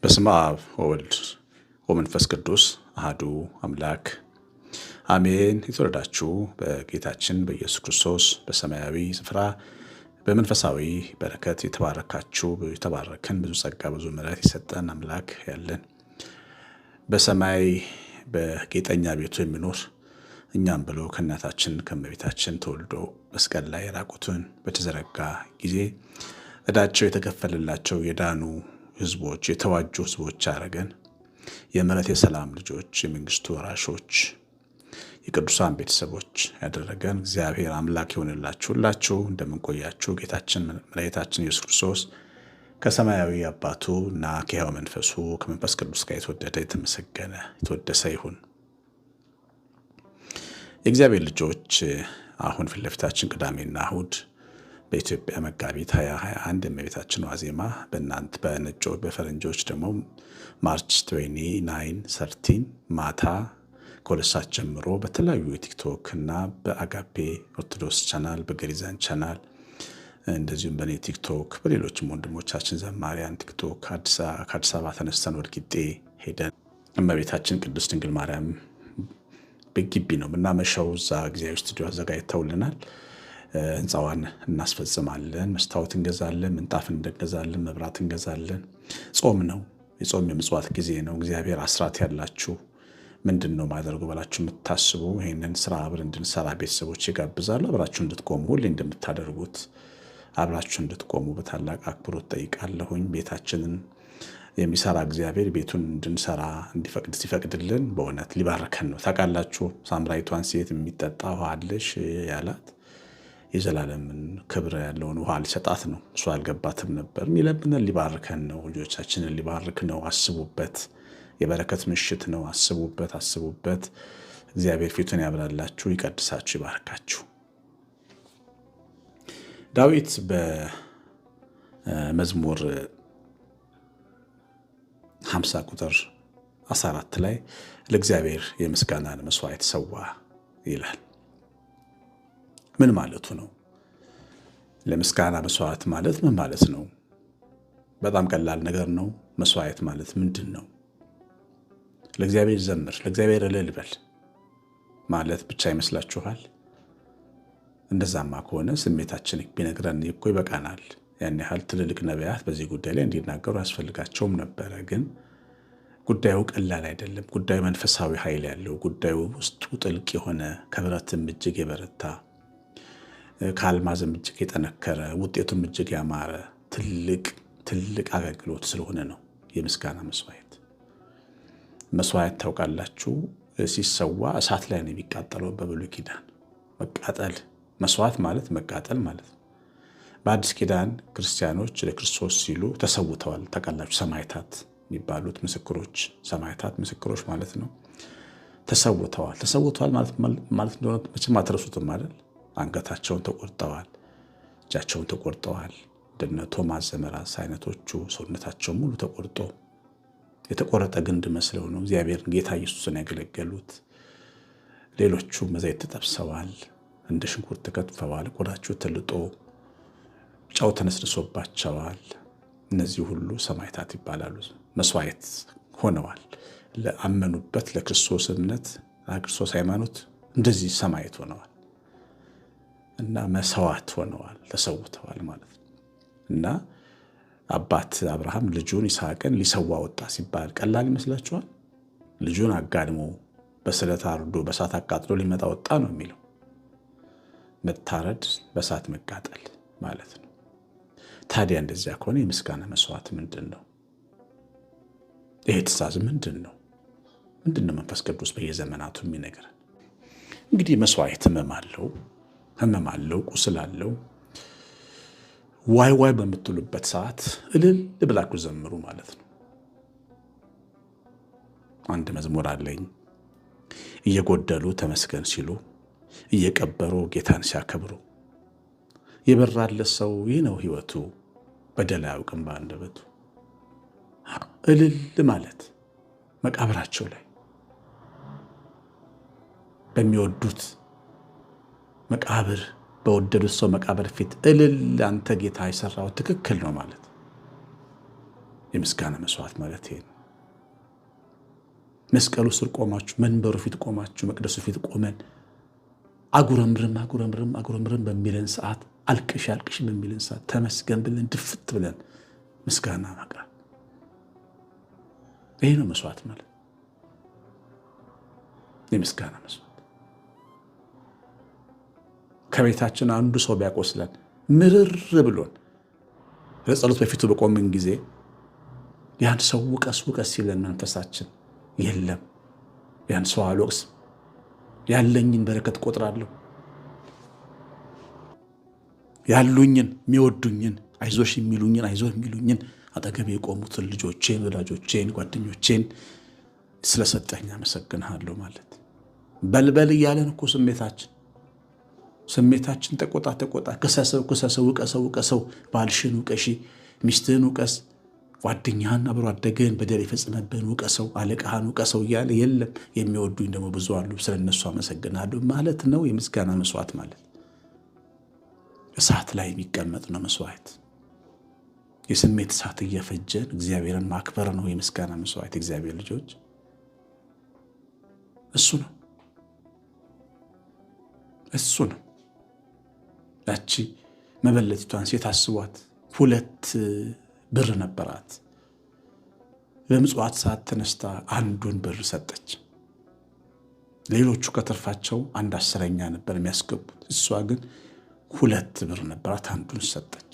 በስመ አብ ወወልድ ወመንፈስ ቅዱስ አህዱ አምላክ አሜን። የተወለዳችሁ በጌታችን በኢየሱስ ክርስቶስ በሰማያዊ ስፍራ በመንፈሳዊ በረከት የተባረካችሁ የተባረክን ብዙ ጸጋ ብዙ ምሕረት የሰጠን አምላክ ያለን በሰማይ በጌጠኛ ቤቱ የሚኖር እኛም ብሎ ከእናታችን ከመቤታችን ተወልዶ መስቀል ላይ ራቁቱን በተዘረጋ ጊዜ እዳቸው የተከፈለላቸው የዳኑ ህዝቦች የተዋጁ ህዝቦች አረገን የምሕረት የሰላም ልጆች የመንግስቱ ወራሾች የቅዱሳን ቤተሰቦች ያደረገን እግዚአብሔር አምላክ ይሆንላችሁ። ሁላችሁ እንደምንቆያችሁ ጌታችን መድኃኒታችን ኢየሱስ ክርስቶስ ከሰማያዊ አባቱ እና ከሕያው መንፈሱ ከመንፈስ ቅዱስ ጋር የተወደደ የተመሰገነ የተወደሰ ይሁን። የእግዚአብሔር ልጆች አሁን ፊትለፊታችን ቅዳሜና እሁድ በኢትዮጵያ መጋቢት 2021 የእመቤታችን ዋዜማ በእናንት በነጮ በፈረንጆች ደግሞ ማርች 29 ሰርቲን ማታ ከሁለት ሰዓት ጀምሮ በተለያዩ የቲክቶክ እና በአጋፔ ኦርቶዶክስ ቻናል በገሪዛን ቻናል እንደዚሁም በእኔ ቲክቶክ፣ በሌሎችም ወንድሞቻችን ዘማሪያን ቲክቶክ ከአዲስ አበባ ተነስተን ወልቂጤ ሄደን እመቤታችን ቅድስት ድንግል ማርያም ግቢ ነው የምናመሸው። እዛ ጊዜያዊ ስቱዲዮ አዘጋጅተውልናል። ህንፃዋን እናስፈጽማለን። መስታወት እንገዛለን፣ ምንጣፍ እንደገዛለን፣ መብራት እንገዛለን። ጾም ነው፣ የጾም የምጽዋት ጊዜ ነው። እግዚአብሔር አስራት ያላችሁ ምንድን ነው ማደርጉ ብላችሁ የምታስቡ ይህንን ስራ አብር እንድንሰራ ቤተሰቦች ይጋብዛሉ። አብራችሁ እንድትቆሙ ሁሌ እንደምታደርጉት አብራችሁ እንድትቆሙ በታላቅ አክብሮት ጠይቃለሁኝ። ቤታችንን የሚሰራ እግዚአብሔር ቤቱን እንድንሰራ እንዲፈቅድ ሲፈቅድልን በእውነት ሊባርከን ነው። ታውቃላችሁ ሳምራይቷን ሴት የሚጠጣ ውሃ አለሽ ያላት የዘላለምን ክብር ያለውን ውሃ ሊሰጣት ነው። እሱ አልገባትም ነበር። የሚለብንን ሊባርከን ነው። ልጆቻችንን ሊባርክ ነው። አስቡበት። የበረከት ምሽት ነው። አስቡበት፣ አስቡበት። እግዚአብሔር ፊቱን ያብራላችሁ፣ ይቀድሳችሁ፣ ይባርካችሁ። ዳዊት በመዝሙር 50 ቁጥር 14 ላይ ለእግዚአብሔር የምስጋናን መስዋዕት ሰዋ ይላል። ምን ማለቱ ነው? ለምስጋና መስዋዕት ማለት ምን ማለት ነው? በጣም ቀላል ነገር ነው። መስዋዕት ማለት ምንድን ነው? ለእግዚአብሔር ዘምር፣ ለእግዚአብሔር እልል በል ማለት ብቻ ይመስላችኋል? እንደዛማ ከሆነ ስሜታችን ቢነግረን እኮ ይበቃናል። ያን ያህል ትልልቅ ነቢያት በዚህ ጉዳይ ላይ እንዲናገሩ ያስፈልጋቸውም ነበረ። ግን ጉዳዩ ቀላል አይደለም። ጉዳዩ መንፈሳዊ ኃይል ያለው ጉዳዩ ውስጡ ጥልቅ የሆነ ከብረትም እጅግ የበረታ ከአልማዝም እጅግ የጠነከረ ውጤቱም እጅግ ያማረ ትልቅ ትልቅ አገልግሎት ስለሆነ ነው የምስጋና መስዋዕት። መስዋዕት ታውቃላችሁ፣ ሲሰዋ እሳት ላይ ነው የሚቃጠለው በብሉይ ኪዳን መቃጠል መስዋዕት ማለት መቃጠል ማለት ነው። በአዲስ ኪዳን ክርስቲያኖች ለክርስቶስ ሲሉ ተሰውተዋል። ታውቃላችሁ፣ ሰማይታት የሚባሉት ምስክሮች፣ ሰማይታት ምስክሮች ማለት ነው። ተሰውተዋል። ተሰውተዋል ማለት እንደሆነ መቼም አትረሱትም አይደል? አንገታቸውን ተቆርጠዋል፣ እጃቸውን ተቆርጠዋል። እንደነ ቶማስ ዘመራስ አይነቶቹ ሰውነታቸው ሙሉ ተቆርጦ የተቆረጠ ግንድ መስለው ነው እግዚአብሔርን ጌታ ኢየሱስን ያገለገሉት። ሌሎቹ በዘይት ተጠብሰዋል። እንደ ሽንኩርት ተከትፈዋል። ቆዳቸው ተልጦ ጨው ተነስንሶባቸዋል። እነዚህ ሁሉ ሰማይታት ይባላሉ። መስዋዕት ሆነዋል ለአመኑበት ለክርስቶስ እምነት ክርስቶስ ሃይማኖት እንደዚህ ሰማዕት ሆነዋል እና መሰዋት ሆነዋል ተሰውተዋል ማለት ነው እና አባት አብርሃም ልጁን ይስሐቅን ሊሰዋ ወጣ ሲባል ቀላል ይመስላችኋል? ልጁን አጋድሞ በስለት አርዶ በሳት አቃጥሎ ሊመጣ ወጣ ነው የሚለው መታረድ፣ በእሳት መቃጠል ማለት ነው። ታዲያ እንደዚያ ከሆነ የምስጋና መስዋዕት ምንድን ነው? ይሄ ትእዛዝ ምንድን ነው? ምንድን ነው መንፈስ ቅዱስ በየዘመናቱ የሚነግረን? እንግዲህ መስዋዕት ህመም አለው፣ ህመም አለው፣ ቁስል አለው። ዋይ ዋይ በምትሉበት ሰዓት እልል ብላችሁ ዘምሩ ማለት ነው። አንድ መዝሙር አለኝ እየጎደሉ ተመስገን ሲሉ እየቀበሩ ጌታን ሲያከብሩ የበራለት ሰው ይህ ነው ህይወቱ። በደል አያውቅም በአንደበቱ። እልል ማለት መቃብራቸው ላይ በሚወዱት መቃብር በወደዱት ሰው መቃብር ፊት እልል አንተ ጌታ የሰራው ትክክል ነው ማለት የምስጋና መስዋዕት ማለት ይሄ ነው። መስቀሉ ስር ቆማችሁ፣ መንበሩ ፊት ቆማችሁ፣ መቅደሱ ፊት ቆመን አጉረምርም አጉረምርም አጉረምርም በሚለን ሰዓት አልቅሽ አልቅሽ በሚለን ሰዓት ተመስገን ብለን ድፍት ብለን ምስጋና ማቅረብ ይሄ ነው መስዋዕት ማለት የምስጋና መስዋዕት። ከቤታችን አንዱ ሰው ቢያቆስለን ምርር ብሎን ለጸሎት በፊቱ በቆምን ጊዜ ያን ሰው ውቀስ ውቀስ ሲለን መንፈሳችን የለም ያን ሰው አልወቅስም ያለኝን በረከት ቆጥራለሁ። ያሉኝን የሚወዱኝን፣ አይዞሽ የሚሉኝን፣ አይዞ የሚሉኝን አጠገቤ የቆሙትን ልጆቼን፣ ወዳጆቼን፣ ጓደኞቼን ስለሰጠኝ አመሰግንሃለሁ ማለት በልበል እያለን እኮ ስሜታችን ስሜታችን ተቆጣ ተቆጣ፣ ክሰሰው ክሰሰው፣ ውቀሰው ውቀሰው፣ ባልሽን ውቀሺ፣ ሚስትህን ውቀስ ጓደኛህን አብሮ አደገህን በደል የፈጸመብህን ውቀሰው፣ አለቃህን ውቀሰው እያለ የለም። የሚወዱኝ ደግሞ ብዙ አሉ፣ ስለነሱ አመሰግናለሁ ማለት ነው። የምስጋና መስዋዕት ማለት እሳት ላይ የሚቀመጥ ነው። መስዋዕት የስሜት እሳት እየፈጀን እግዚአብሔርን ማክበር ነው። የምስጋና መስዋዕት እግዚአብሔር ልጆች እሱ ነው እሱ ነው። ያቺ መበለቲቷን ሴት አስቧት ሁለት ብር ነበራት። በምጽዋት ሰዓት ተነስታ አንዱን ብር ሰጠች። ሌሎቹ ከተርፋቸው አንድ አስረኛ ነበር የሚያስገቡት። እሷ ግን ሁለት ብር ነበራት፣ አንዱን ሰጠች።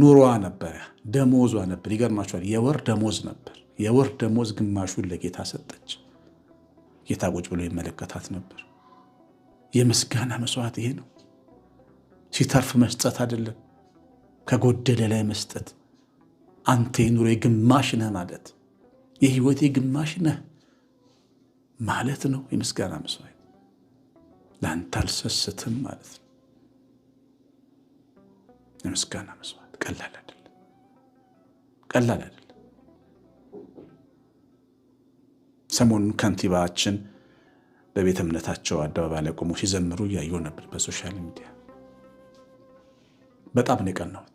ኑሯ ነበር ደሞዟ ነበር። ይገርማችኋል፣ የወር ደሞዝ ነበር። የወር ደሞዝ ግማሹን ለጌታ ሰጠች። ጌታ ቁጭ ብሎ ይመለከታት ነበር። የምስጋና መስዋዕት ይሄ ነው። ሲተርፍ መስጠት አይደለም። ከጎደለ ላይ መስጠት። አንተ የኑሮ ግማሽ ነህ ማለት የህይወቴ ግማሽ ነህ ማለት ነው። የምስጋና መስዋዕት ለአንተ አልሰስትም ማለት ነው። የምስጋና መስዋዕት ቀላል አይደለም፣ ቀላል አይደለም። ሰሞኑን ከንቲባችን በቤተ እምነታቸው አደባባይ ላይ ቆሞ ሲዘምሩ እያየሁ ነበር በሶሻል ሚዲያ። በጣም ነው የቀናሁት።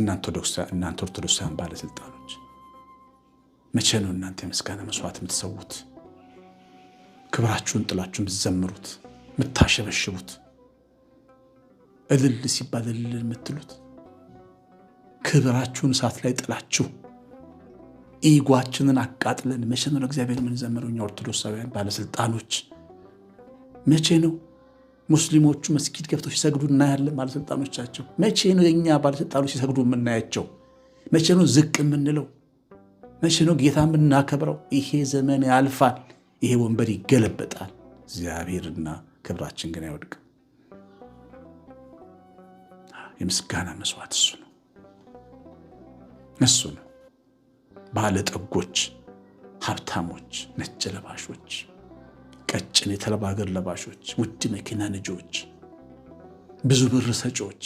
እናንተ ኦርቶዶክሳውያን ባለስልጣኖች መቼ ነው እናንተ የምስጋና መስዋዕት የምትሰዉት? ክብራችሁን ጥላችሁ የምትዘምሩት የምታሸበሽቡት፣ እልል ሲባል እልል የምትሉት ክብራችሁን እሳት ላይ ጥላችሁ ኢጓችንን አቃጥለን መቼ ነው ለእግዚአብሔር የምንዘምረው? እኛ ኦርቶዶክሳውያን ባለስልጣኖች መቼ ነው ሙስሊሞቹ መስጊድ ገብተው ሲሰግዱ እናያለን። ባለስልጣኖቻቸው መቼ ነው የእኛ ባለስልጣኖች ሲሰግዱ የምናያቸው? መቼ ነው ዝቅ የምንለው? መቼ ነው ጌታ የምናከብረው? ይሄ ዘመን ያልፋል። ይሄ ወንበር ይገለበጣል። እግዚአብሔርና ክብራችን ግን አይወድቅም። የምስጋና መስዋዕት እሱ ነው እሱ ነው። ባለጠጎች፣ ሀብታሞች፣ ነጭ ለባሾች ቀጭን የተለባ ሀገር ለባሾች፣ ውድ መኪና ነጂዎች፣ ብዙ ብር ሰጪዎች፣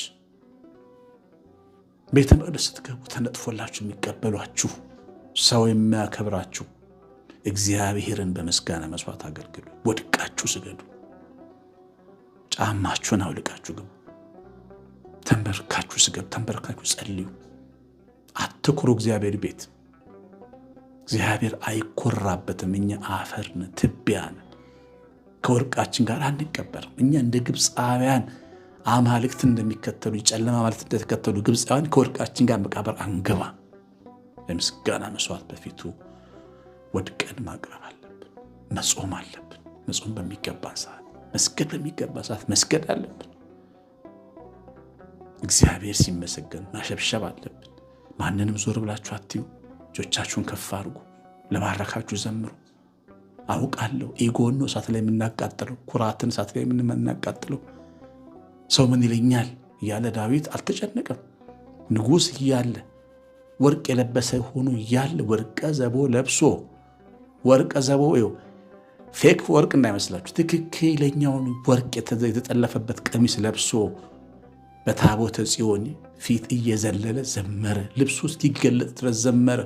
ቤተ መቅደስ ስትገቡ ተነጥፎላችሁ የሚቀበሏችሁ፣ ሰው የሚያከብራችሁ፣ እግዚአብሔርን በምስጋና መስዋዕት አገልግሉ። ወድቃችሁ ስገዱ። ጫማችሁን አውልቃችሁ ግቡ። ተንበርካችሁ ስገዱ። ተንበርካችሁ ጸልዩ። አትኩሩ። እግዚአብሔር ቤት እግዚአብሔር አይኮራበትም። እኛ አፈርን ትቢያን ከወርቃችን ጋር አንቀበር። እኛ እንደ ግብፃውያን አማልክት እንደሚከተሉ ጨለማ ማለት እንደተከተሉ ግብፃውያን ከወርቃችን ጋር መቃብር አንገባ። ለምስጋና መስዋዕት በፊቱ ወድቀን ማቅረብ አለብን። መጾም አለብን። መጾም በሚገባን ሰዓት፣ መስገድ በሚገባ ሰዓት መስገድ አለብን። እግዚአብሔር ሲመሰገን ማሸብሸብ አለብን። ማንንም ዞር ብላችሁ አትዩ። እጆቻችሁን ከፍ አድርጉ። ለባረካችሁ ዘምሩ። አውቃለሁ። ኢጎን ነው እሳት ላይ የምናቃጥለው፣ ኩራትን እሳት ላይ የምናቃጥለው። ሰው ምን ይለኛል እያለ ዳዊት አልተጨነቀም። ንጉሥ እያለ ወርቅ የለበሰ ሆኖ እያለ ወርቀ ዘቦ ለብሶ ወርቀ ዘቦ ው ፌክ ወርቅ እንዳይመስላችሁ ትክክለኛውን ወርቅ የተጠለፈበት ቀሚስ ለብሶ በታቦተ ጽዮን ፊት እየዘለለ ዘመረ። ልብሱ እስኪገለጥ ድረስ ዘመረ።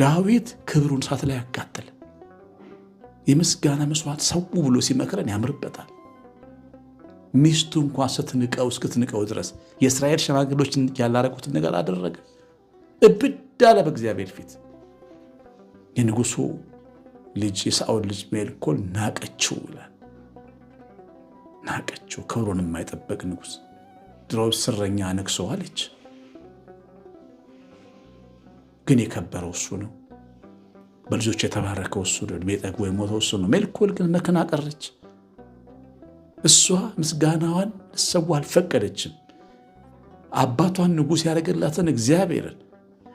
ዳዊት ክብሩን እሳት ላይ ያቃጥል የምስጋና መስዋዕት ሰው ብሎ ሲመክረን ያምርበታል። ሚስቱ እንኳ ስትንቀው እስክትንቀው ድረስ የእስራኤል ሸማግሎች ያላረቁትን ነገር አደረገ። እብድ አለ በእግዚአብሔር ፊት። የንጉሱ ልጅ የሳኦል ልጅ ሜልኮል ናቀችው ይላል። ናቀችው ክብሩን የማይጠበቅ ንጉስ ድሮ ስረኛ ነግሶ አለች። ግን የከበረው እሱ ነው። በልጆች የተባረከው እሱ ነው። እድሜ ጠግቦ የሞተው እሱ ነው። ሜልኮል ግን መከና ቀረች። እሷ ምስጋናዋን ልትሰዋ አልፈቀደችም። አባቷን ንጉሥ ያደረገላትን እግዚአብሔርን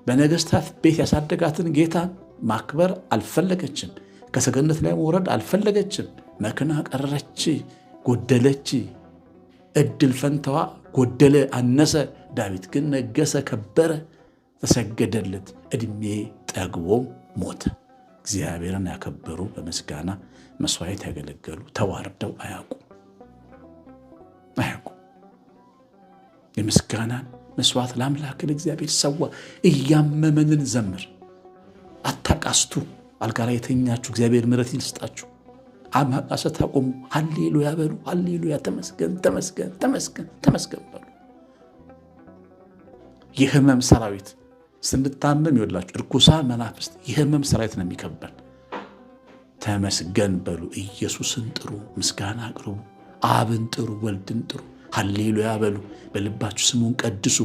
በነገስታት ቤት ያሳደጋትን ጌታን ማክበር አልፈለገችም። ከሰገነት ላይ መውረድ አልፈለገችም። መክና ቀረች፣ ጎደለች። እድል ፈንታዋ ጎደለ፣ አነሰ። ዳዊት ግን ነገሰ፣ ከበረ። ተሰገደለት፣ እድሜ ጠግቦ ሞተ። እግዚአብሔርን ያከበሩ በምስጋና መስዋዕት ያገለገሉ ተዋርደው አያውቁ አያውቁ የምስጋናን መስዋዕት ለአምላክ ለእግዚአብሔር ሰዋ። እያመመንን ዘምር። አታቃስቱ። አልጋ ላይ የተኛችሁ እግዚአብሔር ምሕረት ይልስጣችሁ። አማቃሰት አቆሙ። ሃሌሉያ በሉ። ሃሌሉያ ተመስገን፣ ተመስገን፣ ተመስገን፣ ተመስገን በሉ። የህመም ሰራዊት ስንታመም ይወላችሁ እርኩሳ መናፍስት የህመም ሰራዊት ነው የሚከበን። ተመስገን በሉ፣ ኢየሱስን ጥሩ፣ ምስጋና አቅርቡ፣ አብን ጥሩ፣ ወልድን ጥሩ፣ ሀሌሉያ በሉ፣ በልባችሁ ስሙን ቀድሱ።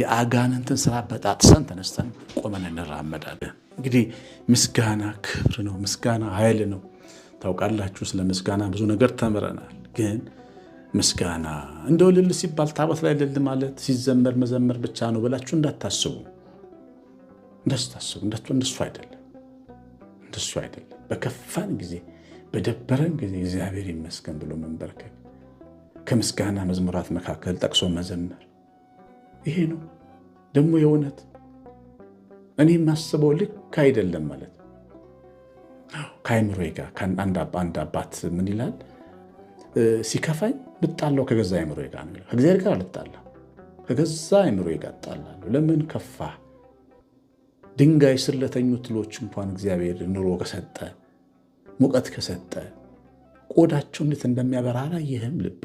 የአጋንንትን ስራ በጣጥሰን ተነስተን ቆመን እንራመዳለን። እንግዲህ ምስጋና ክብር ነው። ምስጋና ኃይል ነው። ታውቃላችሁ፣ ስለ ምስጋና ብዙ ነገር ተምረናል። ግን ምስጋና እንደው ልል ሲባል ታቦት ላይ ልል ማለት ሲዘመር መዘመር ብቻ ነው ብላችሁ እንዳታስቡ። እንደስታስብ እንደሱ አይደለም እንደሱ አይደለም። በከፋን ጊዜ በደበረን ጊዜ እግዚአብሔር ይመስገን ብሎ መንበርከክ ከምስጋና መዝሙራት መካከል ጠቅሶ መዘመር ይሄ ነው ደግሞ የእውነት እኔ የማስበው ልክ አይደለም ማለት ከአይምሮዬ ጋር አንድ አባት ምን ይላል? ሲከፋኝ ብጣላው ከገዛ አይምሮ ጋር ነው። ከእግዚአብሔር ጋር አልጣላ ከገዛ አይምሮ ጋር እጣላለሁ። ለምን ከፋ ድንጋይ ስር ለተኙ ትሎች እንኳን እግዚአብሔር ኑሮ ከሰጠ ሙቀት ከሰጠ ቆዳቸው እንዴት እንደሚያበራ አላየህም ልቤ?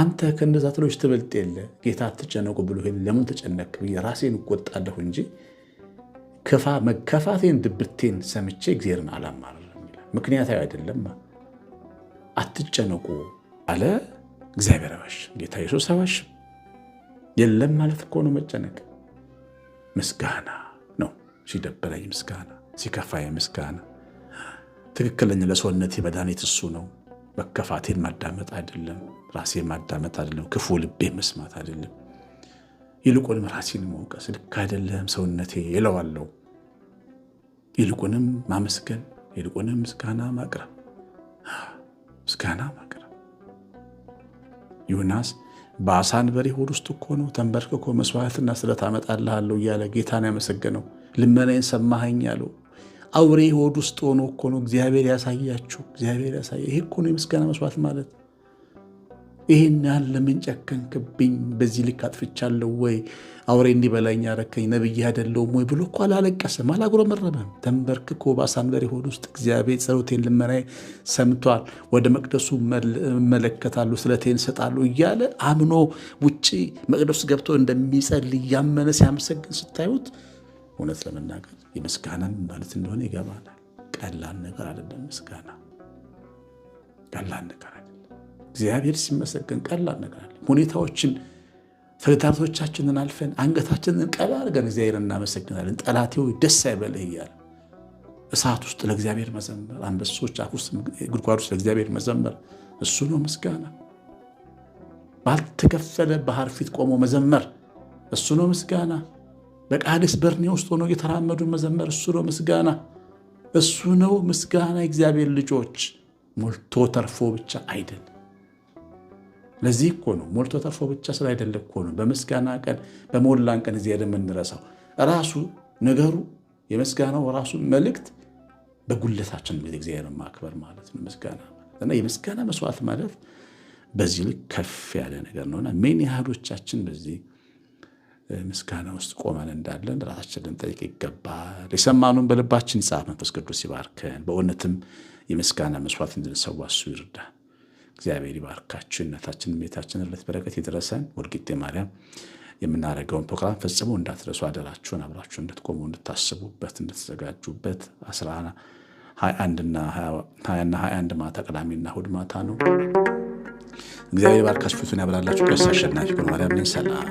አንተ ከእነዛ ትሎች ትበልጥ የለ ጌታ አትጨነቁ ብሎ ለምን ተጨነቅ ብዬ ራሴን እቆጣለሁ እንጂ መከፋቴን ድብርቴን ሰምቼ እግዚአብሔርን አላማርርም ምክንያታዊ አይደለም። አትጨነቁ አለ እግዚአብሔር አባሽ ጌታ ኢየሱስ አዋሽ የለም ማለት እኮ ነው መጨነቅ ምስጋና ሲደበረኝ ምስጋና፣ ሲከፋ ምስጋና። ትክክለኛ ለሰውነቴ መድኃኒት እሱ ነው። መከፋቴን ማዳመጥ አይደለም፣ ራሴን ማዳመጥ አይደለም፣ ክፉ ልቤ መስማት አይደለም። ይልቁንም ራሴን መውቀስ ልክ አይደለም ሰውነቴ ይለዋለው። ይልቁንም ማመስገን፣ ይልቁንም ምስጋና ማቅረብ፣ ምስጋና ማቅረብ። ዮናስ በአሳ አንበሪ ሆድ ውስጥ እኮ ነው ተንበርክኮ መስዋዕትና ስለት አመጣልሃለሁ እያለ ጌታን ያመሰገነው። ልመናዬን ሰማኸኝ አለው። አውሬ ሆድ ውስጥ ሆኖ እኮ ነው እግዚአብሔር ያሳያችሁ። እግዚአብሔር ያሳየ ይሄ እኮ ነው የምስጋና መስዋዕት ማለት። ይህን ያህል ለምን ጨከንክብኝ? በዚህ ልክ አጥፍቻለሁ ወይ? አውሬ እንዲበላኝ ያረከኝ ነብይ አይደለሁም ወይ ብሎ እኮ አላለቀሰም፣ አላጉረመረመም። ተንበርክኮ በአሳንበሬ ሆድ ውስጥ እግዚአብሔር ጸሎቴን፣ ልመናዬን ሰምቷል፣ ወደ መቅደሱ እመለከታለሁ፣ ስለቴን እሰጣለሁ እያለ አምኖ ውጭ መቅደሱ ገብቶ እንደሚጸልይ እያመነ ሲያመሰግን ስታዩት እውነት ለመናገር የምስጋናን ማለት እንደሆነ ይገባናል። ቀላል ነገር አይደለም። ምስጋና ቀላል ነገር አይደለም። እግዚአብሔር ሲመሰገን ቀላል ነገር አለ። ሁኔታዎችን ተግዳሮቶቻችንን አልፈን አንገታችንን ቀላል አድርገን እግዚአብሔር እናመሰግናለን። ጠላቴው ደስ አይበልህ እያለ እሳት ውስጥ ለእግዚአብሔር መዘመር፣ አንበሶች አፍ ውስጥ ጉድጓድ ውስጥ ለእግዚአብሔር መዘመር እሱ ነው ምስጋና። ባልተከፈለ ባህር ፊት ቆሞ መዘመር እሱ ነው ምስጋና። በቃዴስ በርኔ ውስጥ ሆነው የተራመዱ መዘመር እሱ ነው ምስጋና፣ እሱ ነው ምስጋና። እግዚአብሔር ልጆች ሞልቶ ተርፎ ብቻ አይደል። ለዚህ እኮ ነው ሞልቶ ተርፎ ብቻ ስላይደለ እኮ ነው በምስጋና ቀን በሞላን ቀን እዚህ የምንረሳው። ራሱ ነገሩ የምስጋናው ራሱ መልእክት በጉለታችን እንግዲህ ማክበር ማለት ነው ምስጋና እና የምስጋና መስዋዕት ማለት በዚህ ልክ ከፍ ያለ ነገር ነውና ምን ያህሎቻችን በዚህ ምስጋና ውስጥ ቆመን እንዳለን ራሳችን ልንጠይቅ ይገባል። የሰማኑን በልባችን ጻፍ። መንፈስ ቅዱስ ይባርከን። በእውነትም የምስጋና መስዋዕት እንድንሰዋ እሱ ይርዳል። እግዚአብሔር ይባርካችሁ። እናታችን ቤታችን ዕለት በረከት የደረሰን ወልጌጤ ማርያም የምናደርገውን ፕሮግራም ፈጽሞ እንዳትረሱ አደራችሁን። አብራችሁ እንድትቆሙ እንድታስቡበት፣ እንድትዘጋጁበት አስራ ሀያና ሀያ አንድ ማታ ቅዳሜና እሑድ ማታ ነው። እግዚአብሔር ባርካችሁ፣ ፊቱን ያብራላችሁ። ቀሲስ አሸናፊ ማርያም ነኝ። ሰላም